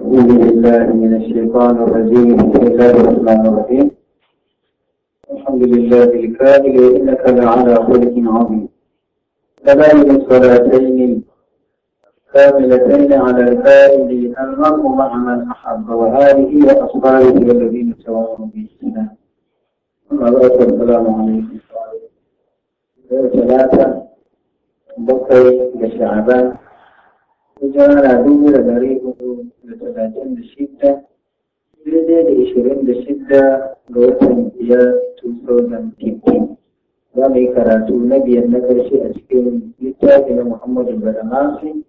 أعوذ بالله من الشيطان الرجيم بسم الله الرحمن الرحيم الحمد لله الكامل إنك لعلى خلق عظيم تباين الصلاتين كاملتين على الفائز المرء مع من أحب وهذه هي وأصحابه الذين سواهم بإحسان أما بعد السلام عليكم ثلاثة بقي لشعبان وجعل دور دريق da talatin da shida daidai da ishirin da shida ga watan biyar 2015 za mu yi karatu na biyar na ƙarshe a cikin littafi na muhammadu baramasi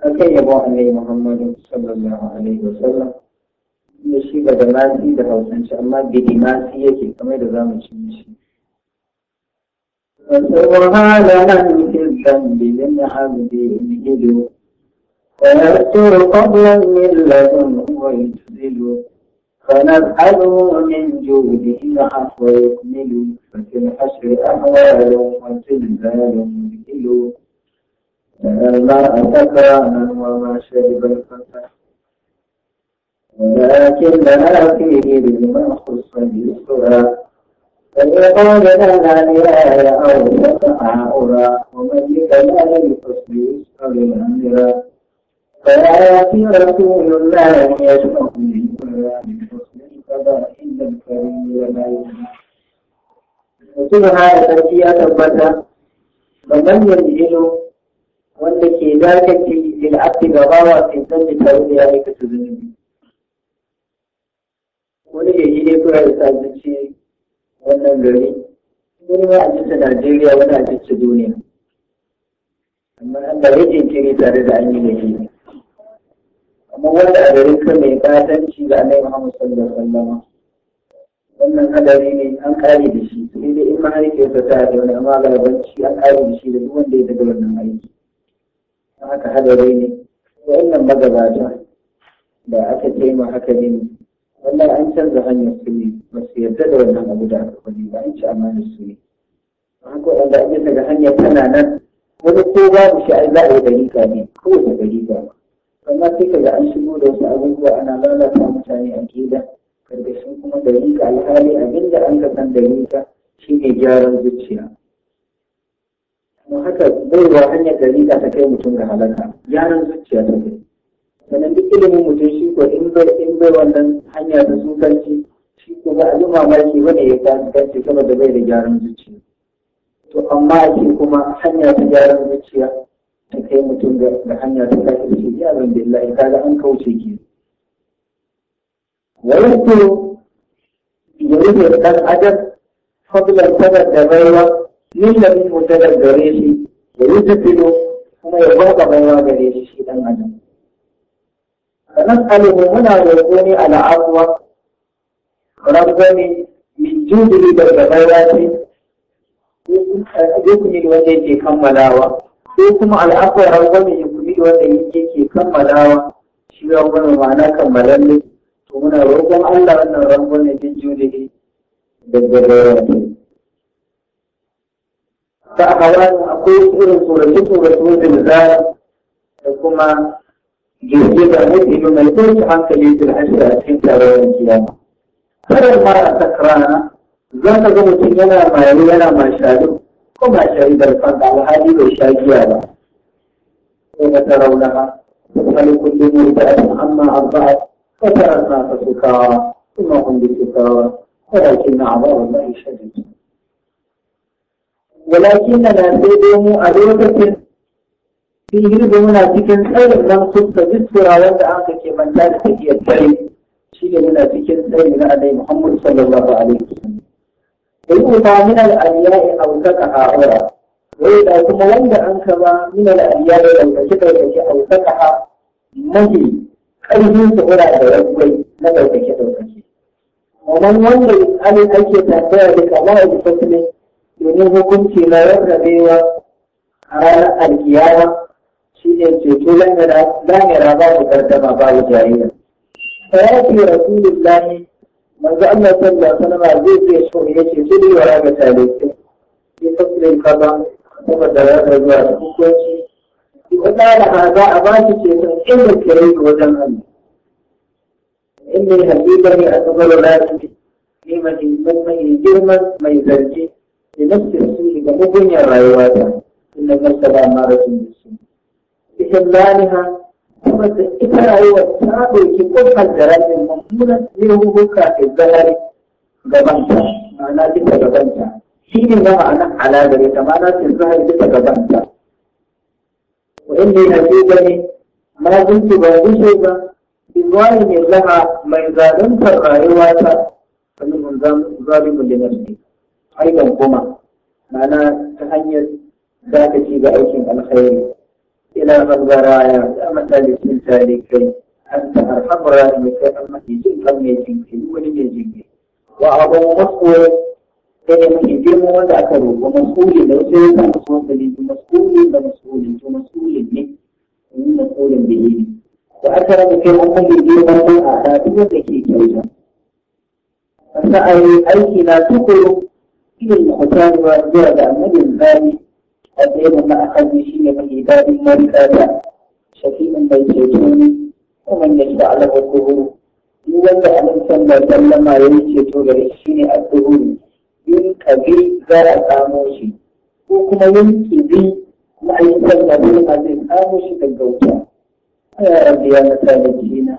a kan yabon annabi muhammadu sallallahu alaihi wasallam da shi ba da masi da hausance amma bidi masi yake kamar da za ci mishi فسبحان من في الذنب للعبد يجد فيأتوا قبلا من لدن ويجزله فنبحث من جوده العفو يكمل ففي الحشر أهوال وتلبال مذهل لا الماء سكرانا وما شرب الفتح ولكن لنا فيه بما خص اليسرى فليقال لنا نهاية أو وقع ومن لك لا للحسن يسأل أمرا فالآخرة لا يشبه منها بحسن ولا sarki ya tabbata ga wanda ke dakace lil'abdi gabawa fi zanni tare ya zunubi wani ya yi ne da sazuci wannan gari wani ma a najeriya wani a duniya amma an da rikin kiri tare da an yi da yi Amma wanda a garin ka mai katanci ga annabi Muhammad sallallahu alaihi wasallam wannan hadari ne an kare da shi sai dai in mahaifiyarsa ta da wani amma galabanci an kare da shi da duk wanda ya daga wannan aiki don haka hadari ne wannan magabata da aka ce ma haka ne wannan an canza hanyar su ne ba su yarda da wannan abu da aka kwani ba an ci amanar su ne haka wanda ake daga hanyar tana nan wani ko babu shi ai za a yi dariƙa ne kowace dariƙa ba amma sai ka ga an shigo da wasu abubuwa ana lalata mutane a gida sun kuma da rika alhali da an ka san da rika shi ne gyaran zuciya kuma haka baiwa hanyar da rika ta kai mutum ga halaka gyaran zuciya ta kai sannan duk ilimin mutum shi ko in bai in bai wannan hanya sun kanci shi ko ba a yi mamaki wanda ya kanci saboda bai da gyaran zuciya to amma ake kuma hanya ta gyaran zuciya ta kai mutum ga hanya ta kafin shi ya zan billahi kaga an kauce ki Wani yakto ya rike dan adam fadlan sadar da baiwa lillahi mutadar gare shi ya yutfilo kuma ya baka baiwa gare shi shi dan adam sanan alimu muna roƙo ne al'afuwa rabbani min judi da baiwa ce zai kuma wanda yake kammalawa ko kuma al'afar wani kuɗi wanda yake kammalawa shi rangwame ma'ana kammalan ne to muna roƙon Allah wannan jiyo da ke daga bayan ta hawanin akwai irin tsoraki tsorace da za da kuma jirgin da mutu ilu mai tsoci hankali da hajjira a cikin taron kiyama. Karar mara sakrana za ka ga mutum yana mayu yana mashalu وما شهد على هذه الشاكيه كيف ترونها فلكل مرتاح عما ارضعت فترى الناس سكارى ثم هم بسكارى ولكن عذاب الله شديد ولكن لا تدوم أروبة في يريد من أتكن سير لم تبت بسرعة وتعاقك من لا تكي التعيد شيء من أتكن سير من محمد صلى الله عليه وسلم فيؤتى من الأنياء أو سكها وإذا ثم وند أنكما من الأنياء أو سكها أو سكها mafi ƙarfin tsora da rabuwai na ɗaukake ɗaukake. Wannan wanda alin ake tambaya da kama a domin hukunci na rarrabewa a ranar alkiyama shi ne ceto lamira ba mu gardama ba manzo Allah sallallahu alaihi wasallam zai ce so yake kiri wa ga talibai ya tafsirin kaza kuma da ya zuwa hukunci idan da haza a ba shi ce san inda kire wajen Allah inda ya hakika ne a kabar lafi ne majinsan mai girman mai zargi da nafsin su ga mugunyar rayuwa ta inda gasa da marasin da su. Ihillaniha kuma ita rayuwar ta ɗauki ƙofar da rayuwar mummunan zirhuka da galar gabanta ma'ana bisa gabanta shi ne na ma'ana alagare ta ma'ana sun zahar bisa gabanta wa'inda yana ce gani ma gunki ba gushe ba Ibrahim ne laha mai zaluntar rayuwa ta kalimun zalimun da nafsi aikan kuma ma'ana ta hanyar za ta ci ga aikin alkhairi إلى من برايا مثل ذلك أنت أرحم رائمك أما يجين كم يجين ولم يجين وأبو مسؤول إن يجين وذكر ومسؤول لو سيدا أصوات لي مسؤول مسؤول مسؤول لي مسؤول به وأكرمك أمه يجين من أحاديث التي كوجه فسأل أيك لا تقل إلى المحتاج وأنزل النبي الغالي أبين ما مع خمسين من عباد مرفادا شفيع من يجيتوني ومن يشبع له الظهور يولى أن جل ما يجيتو لرشين الظهور ينكبي زرع قاموشي وكما بي ما يسمى بالقدر قاموشي تقوتا يا رب يا مثال الجينة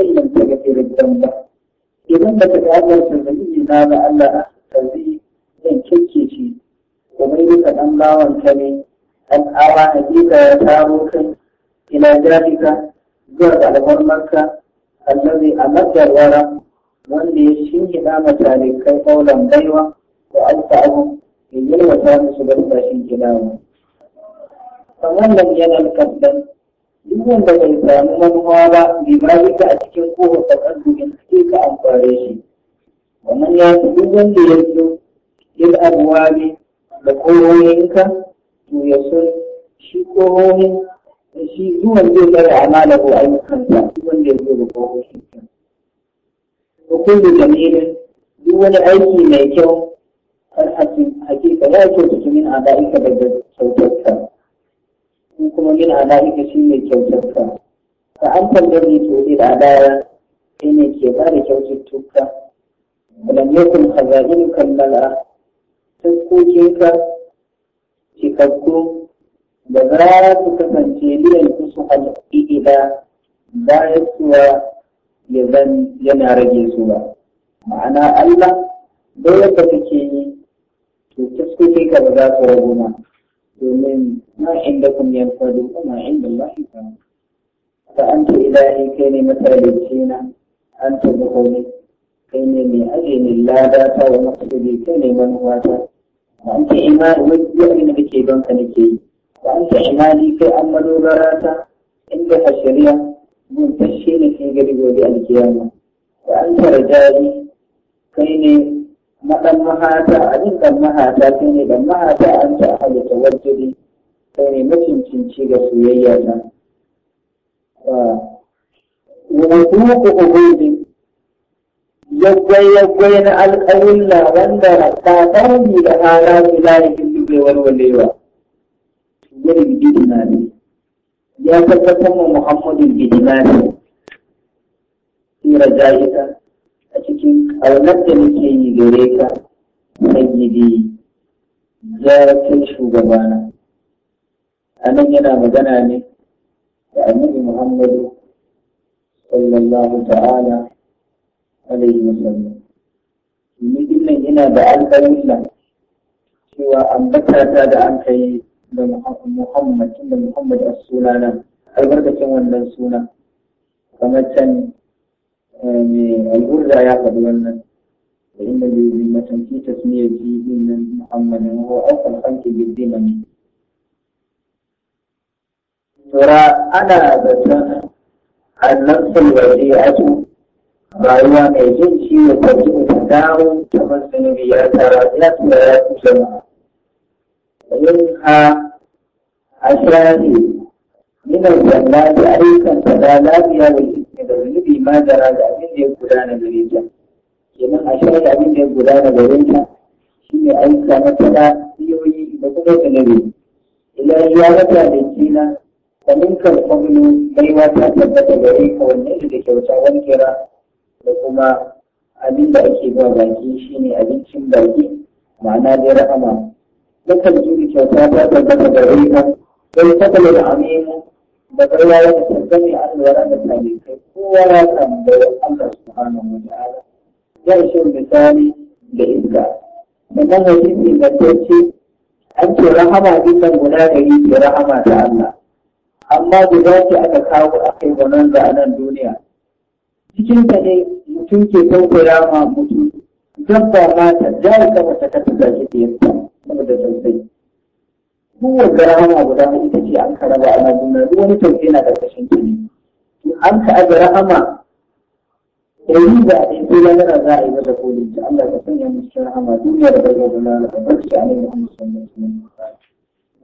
إن لم تغفر الذنب إذا ما تتعذر فمن إجناب الله hakika ɗan bawan ka ne ɗan awa hakika ya taro kai Ina jafika zuwa ga alfarmarka allazi a wara, wanda ya shinge da mutane kai kaulan gaiwa wa alfa abu ya girmata musu da tashin gidawa kamar nan yanar kaddan duk wanda bai samu manuwa ba bai ma ka a cikin kowace takaddumin sai ka amfare shi wannan ya fi duk wanda ya zo yin abuwa ne da koroyinka to ya sun shi Da shi zuwan zai tsara a ko ayyukansa wanda ya zo da koroyinka ko kullu jamilin duk wani aiki mai kyau kan hakika ya kyautata min ada'ika daga kyautarka in kuma min da'ika shi mai kyautarka ka an tambaye to ne da adaya kai ne ke ba da kyaututtuka ولم يكن خزائنك الملأ taskokinka cikakku da za su kasance liyan su halittu ila ya suwa ya zan yana rage su ba ma'ana Allah dole ka take yi to taskoki ka ba za su ragu ma domin ma inda kun yi alfadu kuma inda Allah ya an anta ilahi kai ne matsalici na anta buhuri kai ne mai aje ne lada ta wa matsalici kai ne ta an imani wajen abin da nake don ka nake yi da an imani kai an madogara ta inda a shari'a mun tashe ne kai gari gobe alkiyama da an ce rajali kai ne maɗan mahata abin ɗan mahata kai ne ɗan mahata an ce a halitta wajiri kai ne macincinci ga soyayya ta. Wa, wa kuka ko yaggwai-yaggwai na alƙawulla wanda ta ɗarni da hana su lalikin dubbe walwalewa. Gudun gidina ne, ya tabbatar ma Muhammadu gidina ne, Sura jahita a cikin ƙaunar da nake yi gare ka, sayyidi ya kai shugabana. A nan yana magana ne da annabi Muhammadu sallallahu ta'ala alaihi wasallam domin nan yana da alƙalulla cewa ambata da an kai da muhammad da muhammad a sunana albarkacin wannan suna kamar can mai al'urra ya faɗi wannan da inda bai matanki tasmiyar jibin nan muhammadin wa aukar hanki bidinan tura ana zaton annabtul wadi'atu rayuwa mai jin ciwo ko ji ta dawo kamar zunubi ya tara ya tura ya tushe ma yin ha a shari'a minan sanda da ayyukan ta da lafiya da ismi da zunubi ma da raga abin da ya gudana gare ta kenan a shari'a abin da ya gudana gare ta shi ne ayyuka na tara siyoyi da kuma zunubi idan ya rata da kina da ninkar kwamnu baiwa ta tabbata gare ka wannan da kyauta wani kira da kuma abin da ake ba baki ne abincin baki ma'ana dai rahama dukkan jiri kyauta ta tabbata da rika sai ta kula da aminu da karya ya tabbata ne an lura da talibai kowa ya tambayi Allah subhanahu wa ta'ala zai shi misali da iska da nan mai ingantacce an ce rahama din nan guda gari ke rahama da Allah amma guda ce aka kawo a kai wannan da nan duniya cikin ta ne mutum ke kankura ma mutum dabba ma ta jawo sama ta kasa da shi ɗaya ta sama da tausayi kowace rahama guda ma ita ce an karaba a nan gudunar duk wani tausayi na ƙarƙashin ta ne an ka aza rahama ɗari da a ɗaya sai lagana za a yi mata kolin ta Allah ka sanya mu cikin rahama duniya da barka da lana da barci a nan da Muhammad sallallahu alaihi wasallam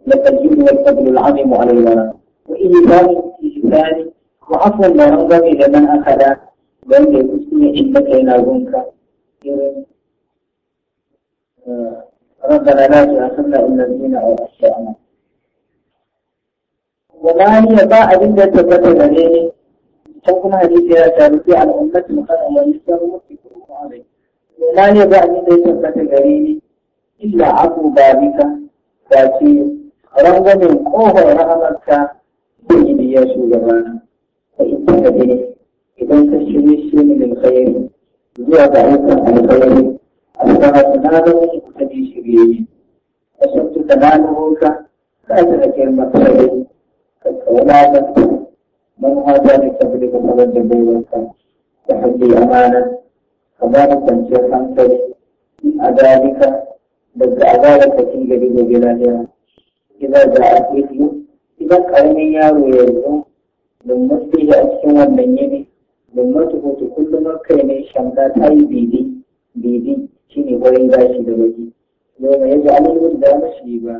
لقد جئت والفضل العظيم علينا وإيجاد الإنسان وعفو الله رضي لمن أخذ wanda eh, eh, ya kusa ne in daga yana gunka irin rangarar na a sanda inda a wasu shi'a ba ba a yi ne ba a yi ne ba a yi ne ba a yi ne ba a yi ne ba a yi ne ba a yi ne ba a yi ne ba a yi ne ba a yi ne ba a yi ba ne ba a yi ne ba a yi ne ba a إذا كشري شيء من الخير زيادة عن الخير أنها تناله تدي شريه أشمت تناله ك فأتلك المقصد ولا من هو ذلك بلغ فلد بيوتك تحدي أمانة كذلك انشر خمسك أذلك بس أذلك تيجي بجلالها إذا جاءت مثله إذا كان يارو يرجو من مثله أشكوا من يمي gummatu hutu kullum kai ne shamka ta yi bidi bidi shi ne wurin gashi da baki yau mai yaji alimin da mashi ba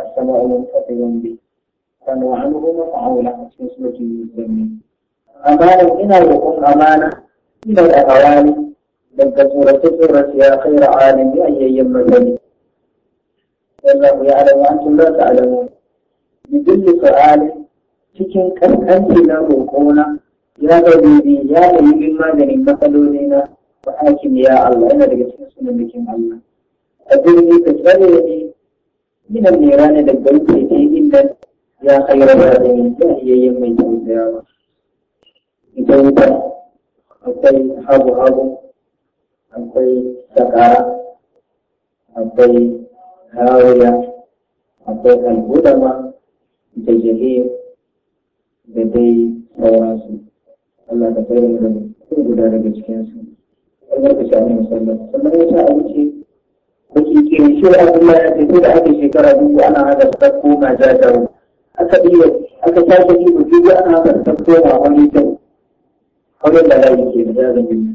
a sama ulun fasirin bi sanu an goma fa'aula a cikin sulatun musulmi amana ina roƙon amana ina da hawani daga tsorace-tsorace ya kai ra'alin ya yayyan magani wallahu ya alamu an tun za ta alamu bidin su'alin cikin kankanci na roƙona ya rabbi ya da yi maganin matsaloli na wa hakim ya Allah yana daga cikin sunan bikin Allah abin ka tsare ne minan ne rana da gauke ne inda ya khairar da ne ya yayin mai tausayawa idan ta akwai habu habu akwai sakara akwai hawiya akwai albudama da jahil da dai sauransu Allah ka tsare da mutum guda daga cikinsu. Allah ka shafi musamman Sannan ya sa a wuce muke ke cewa Allah ya ce da ake shekara dubu ana haka sakko na jajaru. Aka iya aka sake yi ba dubu ana haka sakko koma wani kyau. Kawai da layi ke da jajaru.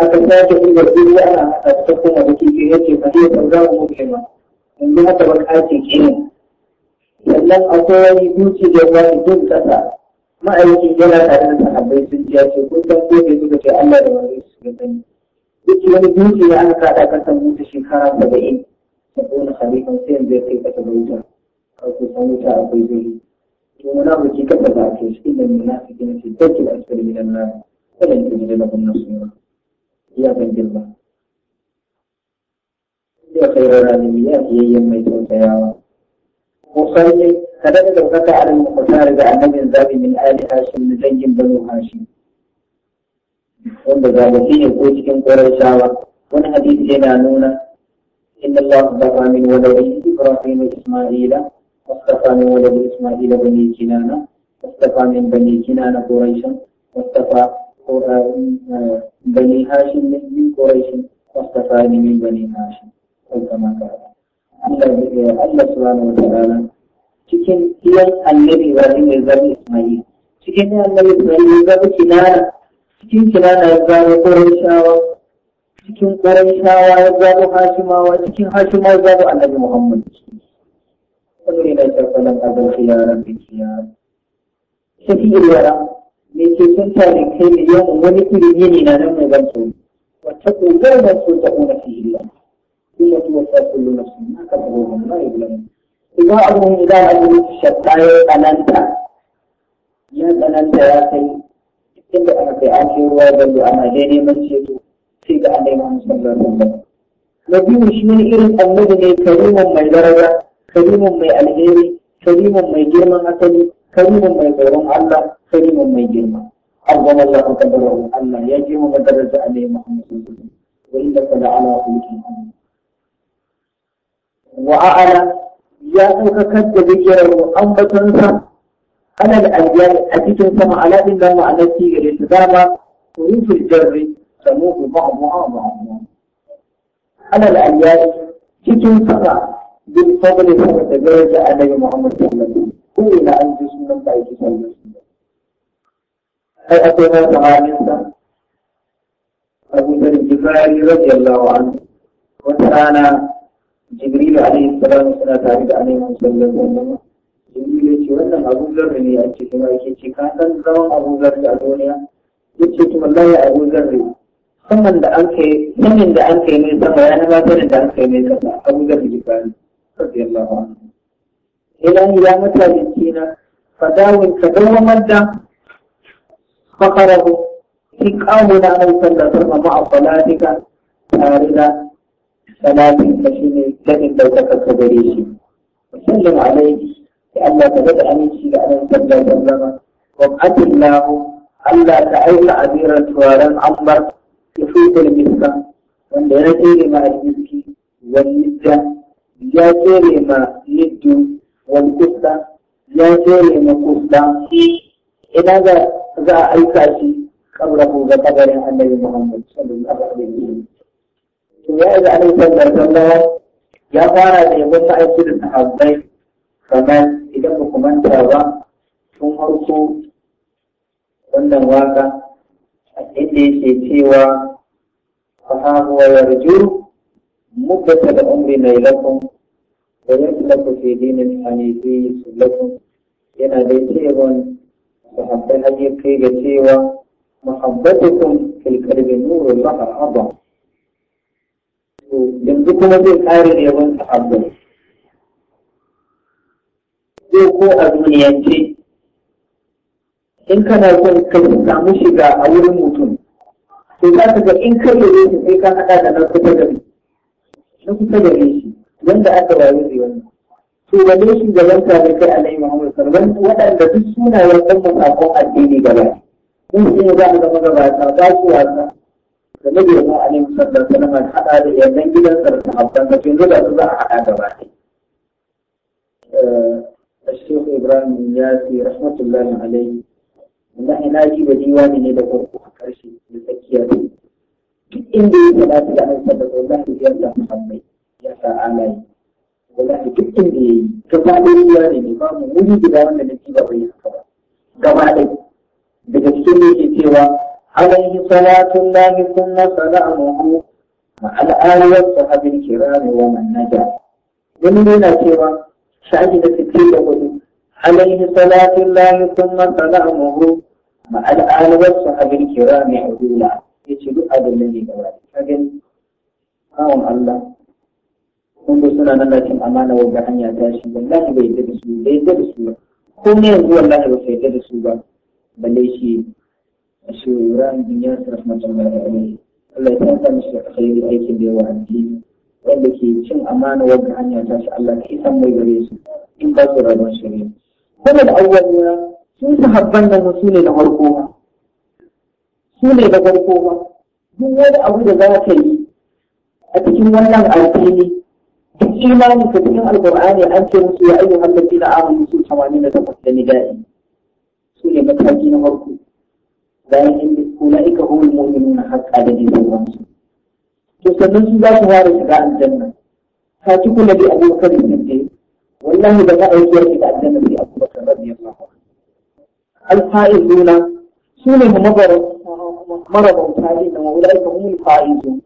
Aka sake yi ba dubu ana haka sakko koma da ke ke yace ka iya ɗaura mu in ji haka ba ka ce ke. Sannan akwai wani dutse da ya wani duk kasa. ma'aikin yana tare da sahabbai sun ji ya ce kun san ko bai suka ce Allah da wani su ga sani duk wani dutse ya aka kada ka san wuta shekara saba'in saboda halifan sai yanzu ya kai ka ta wuta ka ku san wuta akwai zai to wani abu ke kafa za a kai shi inda mai nasu gina ce dauke da asirin gidan na kada ne gidan na gwamnan su yawa ya ban girma. Ya kai rarrabi ya fiyayyen mai tausayawa. Ko sai كذلك ارتفع على المتشارب عن من باب من آل هاشم نجيم بنو هاشم wanda zagafi ne ko cikin ƙorashawa wani hadisi yana nuna inna Allah tafa min waladi Ibrahim Isma'ila wastafa min waladi Isma'ila bani Kinana wastafa min bani Kinana Quraishan wastafa بني هاشم من قريش واصطفاني من بني هاشم أو كما قال الله سبحانه وتعالى cikin ɗiyan annabi Ibrahim ya zama Ismail cikin ɗiyan annabi Ismail ya zama Kinana cikin Kinana ya zama Qurayshawa cikin Qurayshawa ya zama Hashimawa cikin Hashimawa ya zama annabi Muhammad sallallahu alaihi wasallam abul khiyara bi khiyar shafi'ul wara me ke sun tare kai da yawan wani irin ne na nan mai ban tsoro wata ƙoƙarin da su ta ƙona fi illa kuma tuwa sa kullu nafsin haka ta goma ba ya idan abin idan abin shakka ya tsananta ya tsananta ya kai inda aka kai an ce ruwa ballo ana dai neman ceto sai ga Allah ya musallar da na biyu shi ne irin annabi ne karimin mai daraja karimin mai alheri karimin mai girman asali karimin mai tsoron Allah karimin mai girma أعظم الله Allah ya يجمع درجة عليه محمد صلى الله عليه وسلم وإنك لعلى خلق محمد وأعلى ya ɗaukakar da zikirar ambatonsa alal aljani a cikin sama aladin nan ma'anar ci gare su dama rufin jarri da mugu ma'amu'a ma'amu'a alal aljani cikin sama bin fadli sama da daraja annabi Muhammad sallallahu alaihi wasallam ko ina an ji sunan da yake sallallahu ai akwai na sahanin sa Abu Dharr Jibari radiyallahu anhu wata rana jibril alaihi salam suna tare da annabi sallallahu alaihi wasallam jibril ya ce wannan abu zarri ne a ce kuma yake ce ka san zaman abu zarri a duniya ya ce to wallahi abu zarri saman da an kai sanin da an kai mai sama ya na maganin da an kai mai sama abu zarri jibril radiyallahu anhu ilahi ya da kina fadawin ka dawamar da fakarahu ki kawo na nan sallallahu alaihi wasallam ma'a falatika tare da salatin ka shi ne daɗin ɗaukakar ka gare shi musallin alaihi da Allah ka daɗa aminci da anan sabda sallama wa qatillahu Allah ta aika abiran turaren ambar ya fitar miska wanda ya tsere ma almiski wani da ya tsere ma liddu wani kusta ya tsere ma kusta ina za a aika shi kabla ko ga kabarin annabi Muhammad sallallahu alaihi wasallam to ya yi alaihi sallallahu ya fara da ta aiki da sahabbai kamar idan ba ku manta ba tun harko wannan waka inda yake cewa fa huwa yarju muddat da umri mai lakum wa yatlaku fi dinin hanifi sulakum yana da cewa sahabbai har kai ga cewa mahabbatukum fil qalbi nurul mahar yanzu kuma zai kare da yawan sahabbai Ko ko a duniyance in kana son ka samu shiga a wurin mutum to za ka ga in kai yare shi sai ka haɗa da na kusa gari na kusa gare shi wanda aka rayu da yawan. to wane shi da ka ne kai alaihi muhammad sallallahu waɗanda duk sunayen ɗan mutakon addini gaba mun shi ne za mu zama gaba ta ba su wasa da nabi mu alaihi sallallahu alaihi wasallam hada da yannan gidan sarki abban da kin da su za a haɗa gaba ɗaya الشيخ eh, Ibrahim ya رحمة rahmatullahi عليه wannan ina ji da diwani ne da farko a ƙarshe da tsakiya ne duk inda ya faɗa ta da hausa da wallahi ya sa muhammai ya sa alayi wallahi duk inda ya yi gaba ɗaya diwani ne ba mu wuri guda wanda na ba bai haka ba gaba ɗaya daga cikin ne ke cewa عليه صلاة الله ثم سلامه مع الآل والصحب الكرام ومن نجا من دون سوى شهدت عليه صلاة الله ثم سلامه مع الآل والصحب الكرام عدولا يجب هذا الذي قال فقل قاوم الله kun suna nan lakin amana wanda hanya ta shi wallahi bai yadda da su bai da su ko yanzu wallahi ba sai da su ba balle shi Syuran bin Yasir rahmatullahi alaihi Allah ya san shi alkhairi aikin da yawa addini wanda ke cin amana wanda hanya ta shi Allah ka isan mai gare su in ba su rabon shi ne kuma da awwaliya sun sahabban da su ne na farko ma su ne da farko ma duk wani abu da za ka yi a cikin wannan addini duk imani ka cikin alqur'ani an ce musu ya ayyuhal ladina amanu su 88 da nida'i su ne mataki na farko أولئك هم المؤمنون حق عددي بالرمز تسلل ذات وارث على الجنة فاتكل بأبو بكر الصديق والله بقى يسير إلى الجنة أبو بكر رضي الله عنه الفائزون سنه مضر مرض ثالثا وأولئك هم الفائزون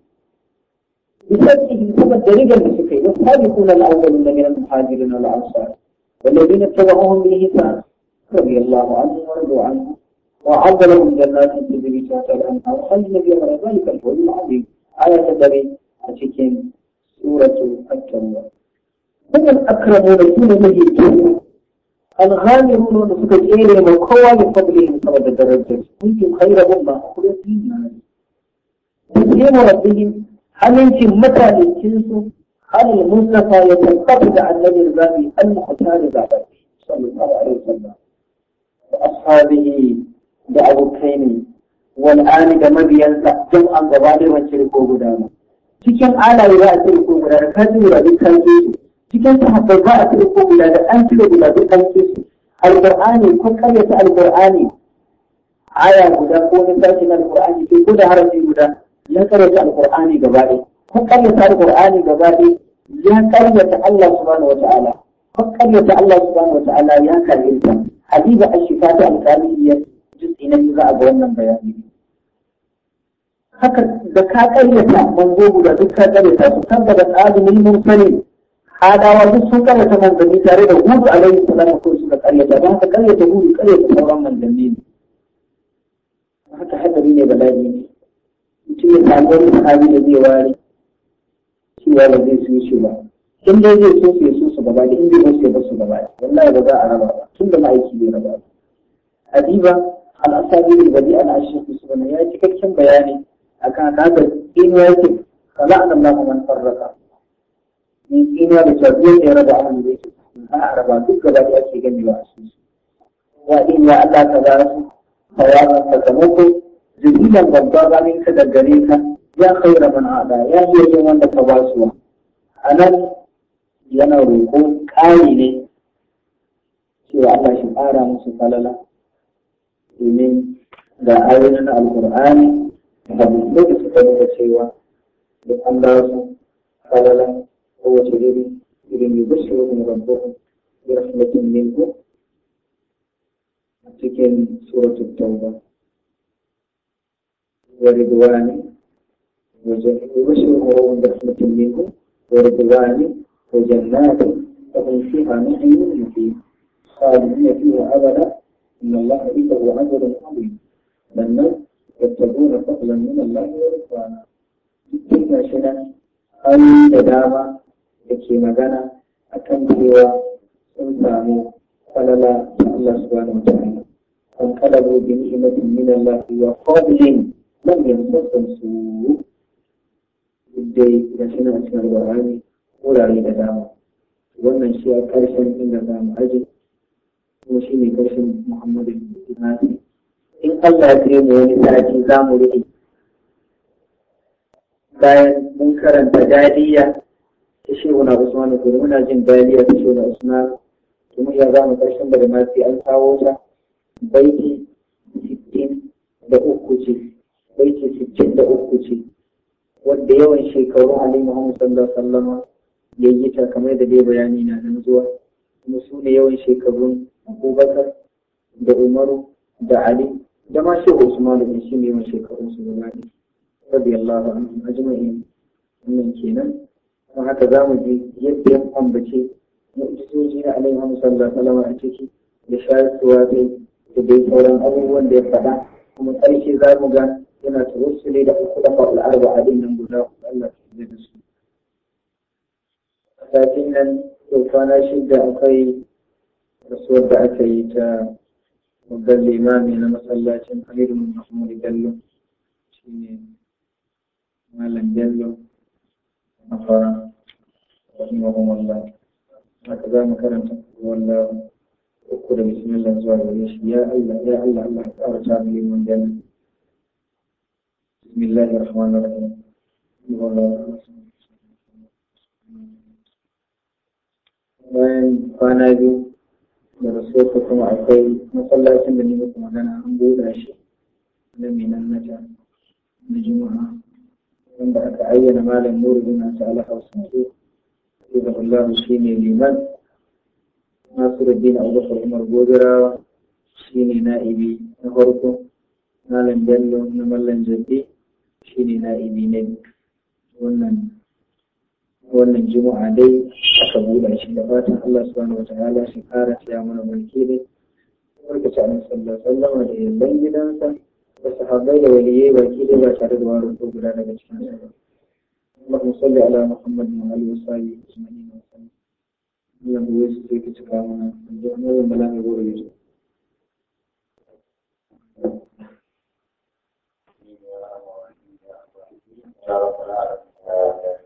بسببهم ثم درجا بسكي والسابقون الأولون من المهاجرين والأنصار والذين اتبعوهم بإحسان رضي الله عنهم ورضوا عنهم وحضر من جنات تجري تحت الأنهار خالدين فيها ذلك الفوز العظيم على تدري اتيكين سورة التمر هم الأكرمون سورة مجيدون الغالبون نسكت إليه من قوى لفضلهم سبب الدرجة كنتم خير أمة أخرى النار تسليم ربهم هل يمكن متى للجنس هل المصطفى يتنقبض عن نبي الباقي المختار بعد صلى الله عليه وسلم وأصحابه da abokai ne Wal'ani ani da mabiyansa don an gaba da ban cire guda ba cikin alayi za a cire ko guda da kan cire duk kan cire cikin sahabbai za a cire ko guda da an cire guda duk kan al alqur'ani kun karyata alqur'ani aya guda ko ni sashi na alqur'ani ko da harafi guda ya karyata alqur'ani gaba ɗaya kun karyata alqur'ani gaba ɗaya ya karyata Allah subhanahu wataala kun karyata Allah subhanahu wataala ya karyata habiba ash-shifa ta al-kamiliyyah Idan ne za a ga wannan bayani haka da ka ƙaryata manzo guda duk ka ƙaryata su kan daga tsarin mursalin hadawa duk sun ƙaryata manzanni tare da hudu laifin salam ko su da ƙaryata don haka ƙaryata hudu ƙaryata sauran manzanni ne haka hadari ne bala'i ne mutum ya samu wani sahabi da zai ware cewa ba zai su shi ba in dai zai so su ya so su gaba da in bai so su ya ba su gaba wallahi ba za a raba ba tun da ma'aiki bai raba ba adiba al'asari da bari ana shi kusa ya yi cikakken bayani akan haka in yake kala an Allah man farraka ni ina da tabbiyar da raba amin da yake a raba duk gaba da ake gani ba shi wa in ya Allah ta ba su bayanan sakamako jirilan babba ganin ka da gare ka ya khaira man ada ya yi yin wanda ka ba su anan yana roƙo ƙari ne cewa Allah shi fara musu falala domin ga ayoyin alkur'ani da musulmi da suka nuna cewa duk an ba su kalala kowace iri irin yi gusu rukun rabbukum bi rahmatin minku a cikin suratul tauba wa ridwani wa jannati yubshiruhum bi rahmatin minkum wa ridwani wa jannatin lahum fiha na'imun muqim khalidina fiha abada إن الله عنده أجر عظيم للناس يبتغون فضلا من الله ورضوانا duk shi nan an da dama da ke magana a kan cewa sun samu falala da Allah subhanahu wa ta'ala an kalabu bi ni'matin min Allah wa fadlin lam yamsakum da cikin da dama wannan shi a karshen inda za mu kuma shi ne kashin Muhammadu Ibrahim. In Allah ya kire mu wani sati za mu rike. Bayan mun karanta daliya ta shehuna Usman ko muna jin daliya ta shehuna Usman to mun ya za mu karshen da ma sai an kawo ta baiti sittin da uku ce baiti sittin da uku ce wanda yawan shekaru Ali Muhammad sallallahu alaihi wasallam ya yi kamar da dai bayani na nan zuwa kuma su ne yawan shekarun Abubakar da Umaru da Ali da ma shi Usman da shi ne shekarun su gaba ne ba anhu ajma'in wannan kenan kuma haka za mu je yadda ya ambace mu'jizoji na alaihi wa Salama a ciki da shayarwa dai da dai sauran abubuwan da ya faɗa kuma ƙarshe za mu ga yana tawassuli da da fa'ul arba a dinnan guda Allah ya da su. Satin nan to kwana shida akwai رسول بعث ايتا وقال لي ما من مسألة خير من محمود قالوا ما لم يقلوا نقرا رحمهم الله هكذا ما كان ولا وكل بسم الله زوال وليش يا الله يا الله الله ارجع لي من جل بسم الله الرحمن الرحيم وَلَا أَنْ فَانَجُوا da rasuwarsa kuma akwai masallacin da ni muku magana an buɗa shi na minan nata na juma'a wanda aka ayyana malam nuru bin ta alhaus mazu hafizahullahu shi ne liman nasiruddin abubakar umar gobirawa shi ne na'ibi na farko malam bello na mallan jabi shi ne na'ibi na biyu wannan wannan juma'a dai aka buɗa shi da fatan Allah subhanahu wataala shi ƙara ya mana mulki ne barkaci annabi sallallahu alaihi wasallam da yallan gidansa da sahabbai da waliyai baki dai ba tare da wani ko guda daga cikin su ba Allahumma salli ala Muhammad wa alihi wa sahbihi ajma'in wa sallam Allah ya su sai ta cika mana da wannan bala'i gore yau Thank you.